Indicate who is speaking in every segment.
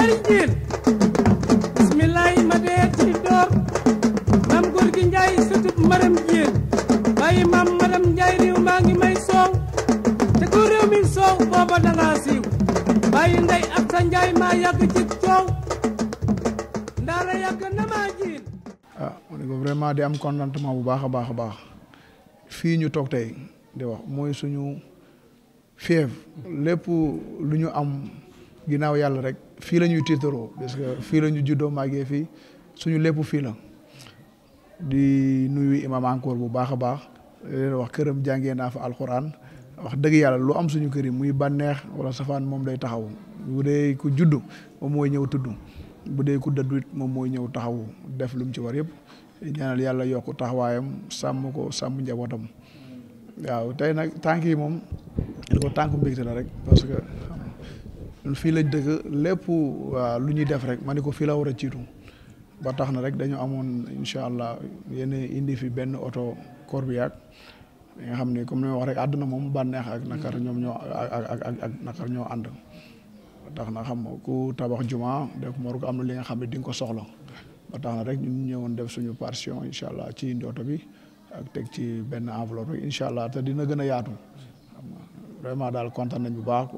Speaker 1: alal jiin bismillaay ma dee ci door maam góor gi njaay sëtub maram jiin bàyyi maam maram njaay réew maa ngi may soow te ku réew mi soow booba danga siiw bàyyi ndey ak sa njaay maa yàgg ci coow ndaara yàgg na maa jiin
Speaker 2: ah mu ne ko vraiment di am contentement bu baax a baax a baax fii ñu toog tey di wax mooy suñu fief lépp lu ñu am ginnaaw yàlla rek fii la ñuy tiitaroo parce que fii la ñu juddoo màggee fii suñu lépp fii la di nuyu imam encore bu baax a baax wax këram jàngee naa fa alxuraan wax dëgg yàlla lu am suñu kër yi muy bànneex wala safaan moom day taxaw bu dee ku juddu moom mooy ñëw tudd bu dee ku dëddu moom mooy ñëw taxawu def lu mu ci war yëpp ñaanal yàlla yokk taxawaayam sàmm ko sàmm njabootam waaw tey nag tànk yi moom ko tànku mbégte la rek parce que fii lañ dëkk lépp waaw lu ñuy def rek ma ne ko fii la war a ciitu ba tax na rek dañu amoon incha allah yéen indi fi benn oto Corbière bi nga xam ne comme ni wax rek àdduna moom bànneex ak nakar ñoom ñoo ak ak ak ñoo ànd. ba tax na xam ku tabax juma def morgue am na li nga xam ne di ko soxla ba tax na rek ñun ñëwoon def suñu partition incha allah ci indi oto bi ak teg ci benn enveloppe rek incha allah te dina gën a yaatu vraiment daal kontaan nañ bu baax.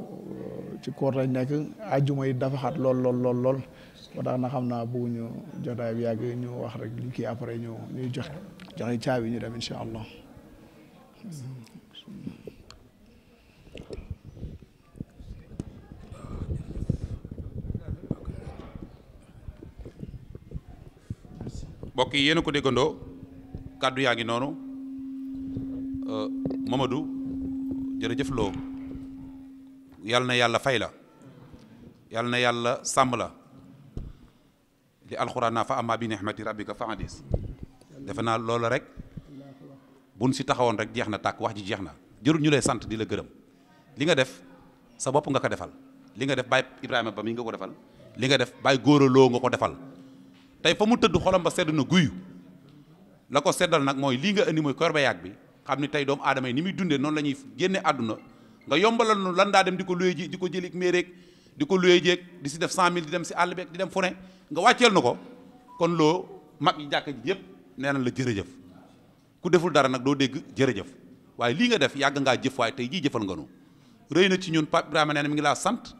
Speaker 2: ci koor lañ nekk àjjuma yi dafa xat lool lool lool lool tax na xam naa bëgguñu jotaay bi yàgg ñu wax rek ñu jox joxe caabi ñu dem incha allah.
Speaker 3: mbokk yi yéen a ko déggandoo kàddu yaa ngi noonu euh, Mamadou jërëjëf Lo. yal na yàlla fay la yal na yàlla sàmm la li alxuraan naa fa amma bi nihmati rabbika fa hadis defe naa loolu rek buñ si taxawoon rek jeex na tàkk wax ji jeex na jërul ñu lay sant di la gërëm li nga def sa bopp nga ko defal li nga def Baye Ibrahima ba mi nga ko defal li nga def Baye góoraloo nga ko defal tey fa mu tëdd xolam ba sedd na guyu la ko seddal nag mooy lii nga indi mooy korbeyaag bi xam ni tey doomu aadama yi ni muy dundee noonu la ñuy génne àdduna nga yombalal nu lan daa dem di ko luye ji di ko jëli méeréeg di ko luye jéeg di si def cent mille di dem si àll beeg di dem fu ne nga wàcceel nu ko kon loo mag yi ji yëpp nee na la jërëjëf ku deful dara nag doo dégg jërëjëf waaye lii nga def yàgg ngaa jëf waaye tey jii jëfal nga nu rëy na ci ñun Pape Ibrahima nee na mi ngi laa sant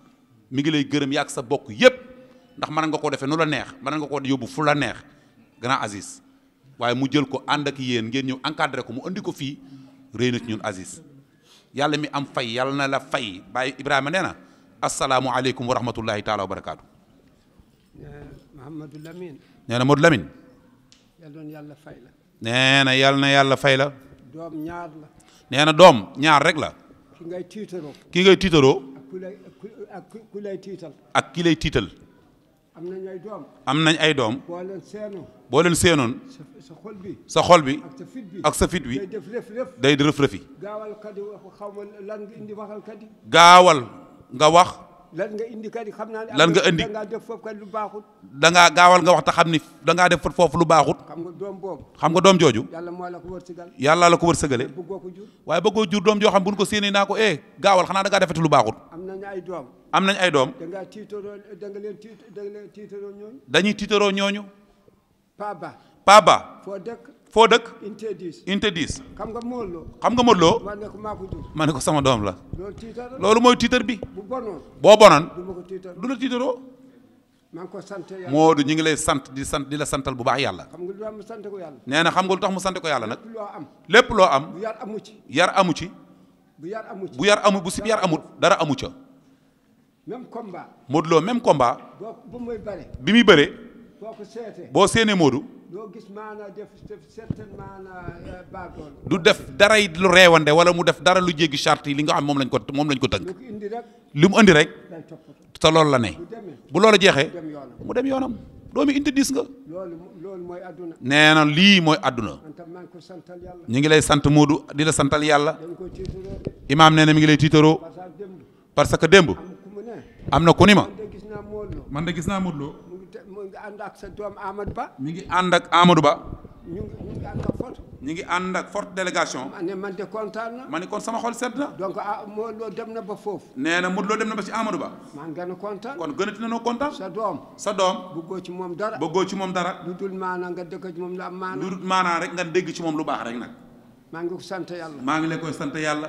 Speaker 3: mu ngi lay gërëm yàgg sa bokk yëpp ndax mën nga koo defe nu la neex mën nga koo yóbbu fu la neex grand Aziz waaye mu jël ko ànd ak yéen ngeen ñëw encadré ko mu andi ko fii rëy na ñun Aziz yàlla mi am fay yàlla na la fay Baye Ibrahima nee na asalaamualeykum wa rahmatullahi taala wa barakaatu. Mouhamadou Lamine. nee na Modou Lamine. yàlla fay la. nee na yàlla na yàlla fay la.
Speaker 1: doom ñaar la.
Speaker 3: nee na doom ñaar rek la.
Speaker 1: ki ngay tiitaroo. ki ngay tiitaroo. ak ku lay ak ku lay tiital.
Speaker 3: ak ki lay tiital.
Speaker 1: am nañ ay doom
Speaker 3: am nañ ay doom boo leen seenoon boo leen seenoon sa xol bi sa xol bi ak sa fit bi day def rëf-rëf day rëf-rëfi
Speaker 1: gaawal kat yi xaw ma lan nga indi waxal
Speaker 3: kat yi gaawal nga wax
Speaker 1: lan nga indi kat xam naa ne. lan nga indi da ngaa def foofu kat lu baaxut.
Speaker 3: da gaawal nga wax te xam ni da ngaa def foofu lu baaxut. xam
Speaker 1: nga doom boobu. xam nga doom jooju. yàlla moo la ko wërsëgal. yàlla la ko wërsëgale. bëggoo ko jur
Speaker 3: waaye bëggoo jur doom joo xam bu ko séenee ko eh gaawal xanaa da ngaa defati lu baaxut.
Speaker 1: am nañu ay doom. am nañu ay doom. da ngaa tiitaroo da nga leen tiit da nga leen tiitaroo ñooñu.
Speaker 3: dañuy tiitaroo ñooñu. Paa Ba. Paba. foo dëkk. foo dëkk. unité 10.
Speaker 1: xam nga Modou xam nga Modou Lo. ma ne ko maa
Speaker 3: ne ko sama doom la.
Speaker 1: loolu loolu mooy tiitar bi. bu boo bonoon. du ko
Speaker 3: tiitaroo du la tiitaroo.
Speaker 1: maa ngi ko sant yàlla Modou
Speaker 3: ñu ngi lay sant di sant di la santal bu baax yàlla.
Speaker 1: xam nga lu tax mu ko yàlla.
Speaker 3: nee na xam nga lu tax mu sant ko yàlla nag. lépp loo am lépp loo am. bu yar amu ci. yar amu ci. bu yar amu ci bu yar amu si yar amut dara amu ca.
Speaker 1: même combat.
Speaker 3: Modou Lo même combat.
Speaker 1: boo ba bi muy bëree boo ko seetee boo seenee moodu Euh,
Speaker 3: du def dara it lu reewande wala mu def dara lu jéggi chart yi li nga xam moom lañ ko moom lañ ko tënk li mu indi rek te loolu la ne bu loolu jeexee mu dem yoonam doomi inti dis nga nee na lii mooy àdduna ñu ngi lay sant Moodu di la santal yàlla imaam nee na mi ngi lay tiitaroo parce que démb am na ku ma
Speaker 1: ngi ànd ak sa doom Amadou Ba.
Speaker 3: mi ngi ànd ak Ba. ñu ngi ngi ànd ak forte. ñu ak forte man de kontaan ma ne kon sama xol sedd donc ah Modou dem na ba foofu. nee na Modou Lo dem na ba ci Ba. maa ngi gën a kontaan. na noo kontaan. sa doom sa doom. bëggoo ci moom dara. bëggoo ci moom dara.
Speaker 1: lu dul maanaa nga dëgg ci moom la am maanaa. lu
Speaker 3: dul rek nga dégg ci moom lu baax rek nag.
Speaker 1: maa ngi ko sant yàlla.
Speaker 3: maa ngi leen koy sant yàlla.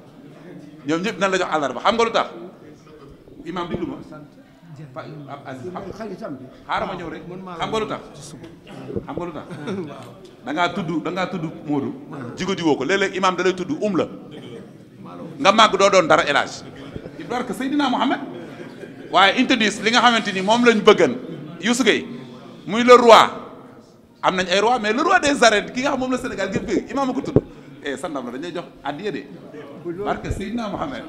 Speaker 3: ñoom ñëpp na la jox àllarba xam nga lu tax imaam diglu ma xaaral ma ñëw rek xam nga lu tax xam nga lu tudd da tudd Modou jigo ko léeg imam imaam da tudd um la nga màgg doo doon dara élage i barke Seydina Mohamed waaye interdis li nga xamante ni moom lañ bëggan Youssou Gueye muy le roi am nañ ay roi mais le roi des arènes ki nga xam moom la Sénégal gépp bëgg imaam a ko tudd eh sandam la dañuy jox addiye de barke Seydina Mohamed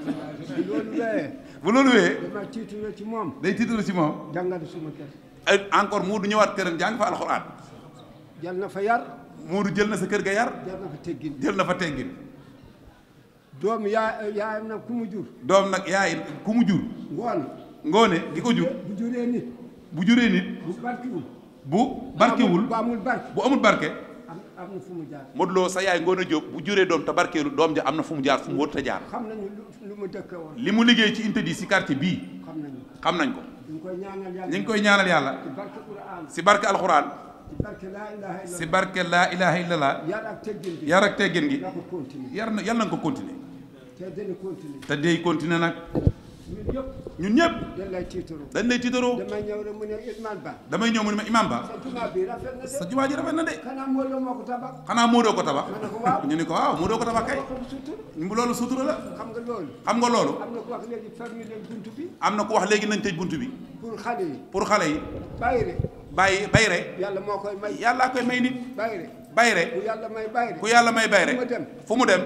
Speaker 3: bu loolu wéyee bu loolu wéyee dama tiitaroo ci moom day tiitaroo ci moom jàngal suma kër euh, ñëwaat këram jàng fa alxuraan jël na fa yar Moodu jël na sa kër ga yar jël na fa teggin jël na doom yaa yaayam nag jur doom nag yaay ku mu jur ngoone di ko jur bu juree nit bu juree nit bu barkewul bu amul barke
Speaker 1: am na fu mu jaar
Speaker 3: Modou Lo sa yaay Ngoné a bu juree doom te barkeelu doom ja am na fu mu jaar fu mu wóor te jaar
Speaker 1: xam nañu lu mu dëkk woon li mu liggéey
Speaker 3: ci interdit si quartier bii xam nañu xam nañ ko
Speaker 1: ñu ngi koy ñaanal yàlla
Speaker 3: si barke alxuraan si barke laa ilaha illallah yar gi yar na yàlla na nga ko continuer te day continuer nag ñun ñëpp dañ lay tiitaroo damay
Speaker 1: ñëw mu ne Imam Ba
Speaker 3: damay ñëw mu ne ma Imam Ba
Speaker 1: sa jumaa ji rafet na de xanaa Modou moo ko tabax
Speaker 3: xanaa Modou ko tabax ñu ne ko waaw Modou ko tabax kay mu loolu sutura la
Speaker 1: xam nga loolu xam nga loolu am na ku wax léegi fermé leen buntu bi
Speaker 3: am na ku wax léegi nañ tëj buntu bi pour xale yi pour xale yi bàyyi rek bàyyi bàyyi rek
Speaker 1: yàlla moo koy may yàlla koy may nit bàyyi rek bayre ku yàlla may bayre ku yàlla may bayre fu mu dem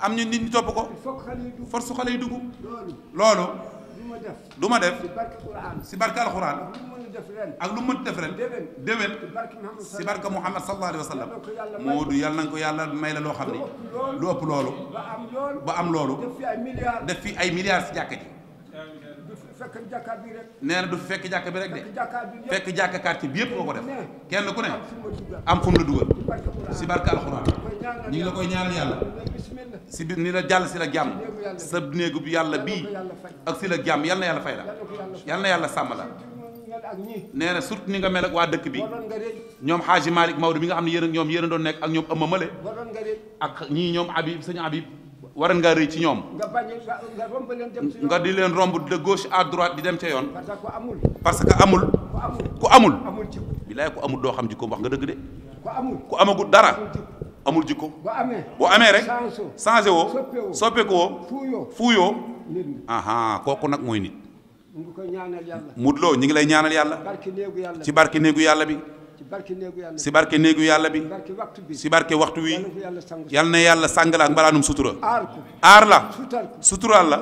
Speaker 3: am ñu nit ñu topp ko force xale yi dugg loolu def si barke alxuraan ak lu mu def ren déwén si barke Muhammad sallallahu alaihi wasallam
Speaker 1: sallam moo du
Speaker 3: yàlla na ko yàlla may la loo xam
Speaker 1: lu ëpp loolu ba am loolu def fi ay
Speaker 3: milliards si jàkka ji fekk jàkka na du fekk jàkka bi rek de. fekk
Speaker 1: jàkka quartier bi yëpp moo ko def. kenn ku ne
Speaker 3: am fu mu la dugal. si barka alxuraan ñu ngi la koy ñaanal yàlla. si bi ni la jàll si la jàmm sa néegub yàlla bii ak si la jàmm yal yàlla fay la yal yàlla sàmm la nee na surtout ni nga mel waa dëkk bi ñoom xaaji Malick Maodo bi nga xam ne ñoom yéen a doon nekk ak ñoom ëmma male ak ñii ñoom Habib sëñ Habib waran ngaa rëy ci ñoom.
Speaker 1: nga bañ nga romb
Speaker 3: di leen romb de gauche à droite di dem ca yoon.
Speaker 1: parce que amul.
Speaker 3: parce que amul. ku amul amul jikko. bilaay ku amul doo xam jikkoom wax nga dëgg de. ku amul ku amagut dara. amul jikko boo amee. boo amee rek changé woo. soppeeku woo fuuyoo fuuyoo. kooku nag mooy nit.
Speaker 1: mu ngi koy ñaanal
Speaker 3: yàlla. ñu ngi lay ñaanal yàlla. ci barki néegu yàlla bi. si barke néegu yàlla bi si barke waxtu wi yal na yàlla sàng la ak mbalaanum sutura aar la
Speaker 1: suturaal la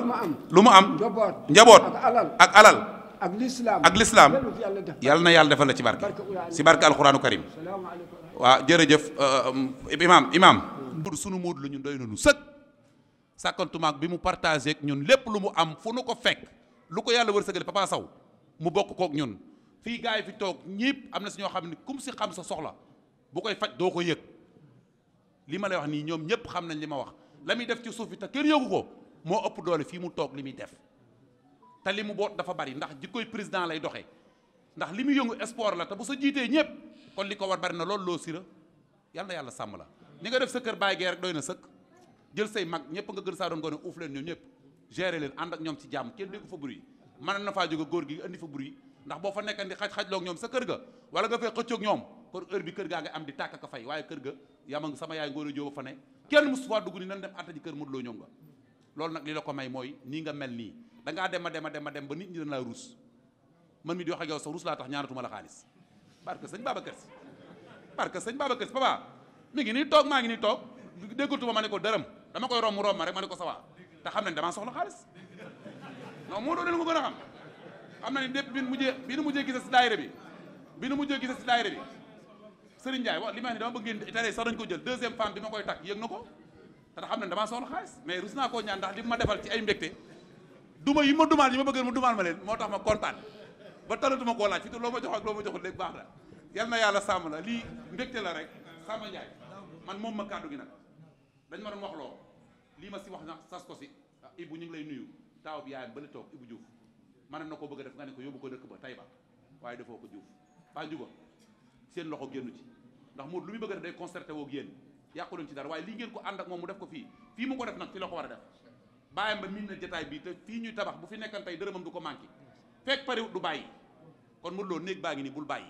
Speaker 1: lu mu am njaboot ak alal ak lislaam yal na yàlla defal la ci barke si barke
Speaker 3: alxuraanu karim waa jërëjëf euh, euh, imaam imaam sunu Moodu lu ñun doy nañu sëkk sàkkantumaak bi mu partagé ak ñun lépp lu mu am fu nu ko fekk lu ko yàlla wërsëgale Papa Sow mu bokk kook ñun fii gars yi fi toog ñëpp am na si ñoo xam ne kum si xam sa soxla bu koy faj doo ko yëg li ma lay wax nii ñoom ñëpp xam nañ li ma wax la muy def ci suuf bi te kër yëgu ko moo ëpp doole fii mu toog li muy def te li mu boot dafa bari ndax jikkoy président lay doxee ndax li mu yëngu sport la te bu sa jiitee ñëpp kon li ko war bari na loolu loo sira yal na yàlla sàmm la ñu nga def sa kër bàyyi gee rek doy na sëkk jël say mag ñëpp nga gën saa doon gone uuf leen ñoom ñëpp gérer leen ànd ak ñoom ci jàmm kenn déggu fa bruit mën na faa jóge góor gi andi ndax boo fa nekkan di xaj-xajloog ñoom sa kër ga wala nga fay xëccoog ñoom kon heure bi kër gaa nga am di tàkk ko fay waaye kër ga yama nga sama yaay ngóor a jóoba fa ne kenn mosu faa dugg ni nan dem atta kër Modou Lo ñoom nga loolu nag li la ko may mooy nii nga mel nii da dem a dem a dem dem ba nit ñi dañ laa ruus man mi di wax ak yow sax ruus laa tax ñaanatuma la xaalis barke sëñ Babacar Si barke sëñ Babacar Si papa mi ngi nii toog maa ngi nii toog déggatuma ma ne ko dërëm dama koy romb romb ma rek ma ne ko sawa te xam na nañ damaa soxla xaalis non moo doon leen ko gën a xam am na ne lépp bi nu mujjee bi nu mujjee gisee si daayira bi bi nu mujjee gisee si daayira bi Serigne Ndiaye wax li ma ne dama bëgg ngeen tare sax dañ ko jël deuxième femme bi ma koy takk yëg na ko te xam ne damaa soxla xaalis mais rus naa koo ñaan ndax li ma defal ci ay mbégte duma yi ma dumaal yi ma bëgg mu dumaal ma leen moo tax ma kontaan ba talatuma koo laaj fi tu loo ma jox ak loo ma joxul léegi baax la yal na yàlla sàmm la lii mbégte la rek Samba Ndiaye man moom ma kàddu gi nag dañ ma doon wax loo lii ma si wax na sas ko si ah, Ibou ñu ngi lay nuyu taaw bi yaayam bale toog Ibou Diouf mën na ko bëgg a def nga ne ko yóbbu ko dëkk ba Taïba waaye dafoo ko Diouf ba Ndiouga seen loxo génn ci ndax Modou lu muy bëgg a def day woo ak yéen yàqu leen ci dara waaye lii ngeen ko ànd ak moom mu def ko fii fii mu ko def nag fi la ko war a def bàyyam ba miin na jataay bi te fii ñuy tabax bu fi nekkan tey dërëmam du ko manqué fekk pariwut du bàyyi kon Modou Lo néeg baa ngi nii bul bàyyi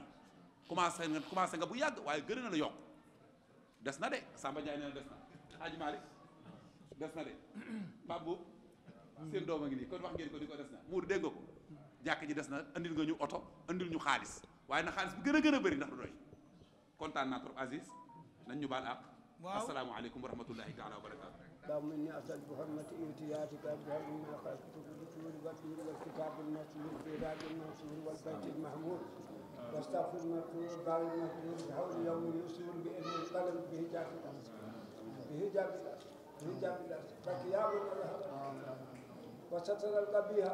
Speaker 3: commencé nga commencé nga bu yàgg waaye gën na la yokk des na de Samba Ndiaye nee na des na Hadji Malick des seen doom a ngi nii kon wax ngeen ko ni ko des na muur dégg ji des na andil nga ñu oto andil ñu xaalis waaye na xaalis bi gën a gën a bëri ndax du doy na trop Aziz nañ ñu baal àq waaw asalaamualeykum wa rahmatullahi taala wa barakaatu
Speaker 1: اللهم اني اسالك بحرمه ايتياتك بحرم ما خلقت بالطول والطول والكتاب المسلول والبلاد المنصور والبيت المحمود واستغفر المغفور بار المغفور بحول يوم يسر باذن القلم بهجاب الارض بهجاب الارض بهجاب الارض فك وستر بها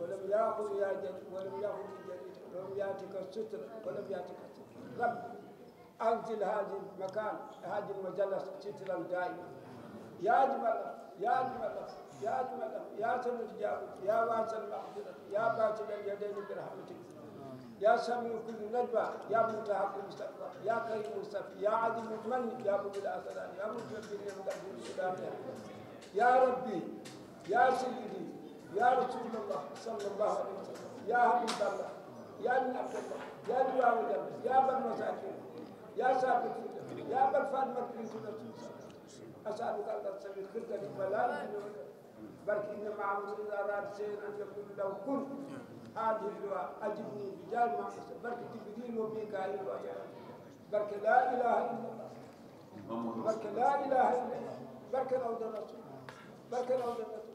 Speaker 1: ولم ياخذ يا جد ولم ياخذ الجديد ولم ياتك الستر ولم ياتك الستر رب انزل هذه المكان هذه المجله سترا دائما يا جبل يا جبل يا جبل يا سمر يا واسع المغفره يا باسل اليدين برحمتك يا سميع كل نجوى يا متعب المستقبل يا كريم المستقبل يا عظيم المن يا مجد الاسرار يا مجد الدنيا يا ربي يا سيدي يا رسول الله صلى الله عليه وسلم يا حبيب الله يا نبي الله يا دعاء الله يا بن مساكين يا سابق يا بن فاطمة بنت رسول الله أسألك الله سبحانه وتعالى بلال بل إن مع من أراد شيئا أن يقول له كن هذه الدعاء أجبني بجال ما بل تبدين وبيك على الوجه بل لا إله إلا الله بل لا إله إلا الله بل روض الرسول بل روض الرسول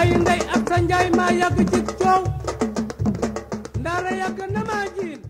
Speaker 1: bàyyi ndey ak sa njaay maa yàgg ci coow ndaara yàgg na maa jiin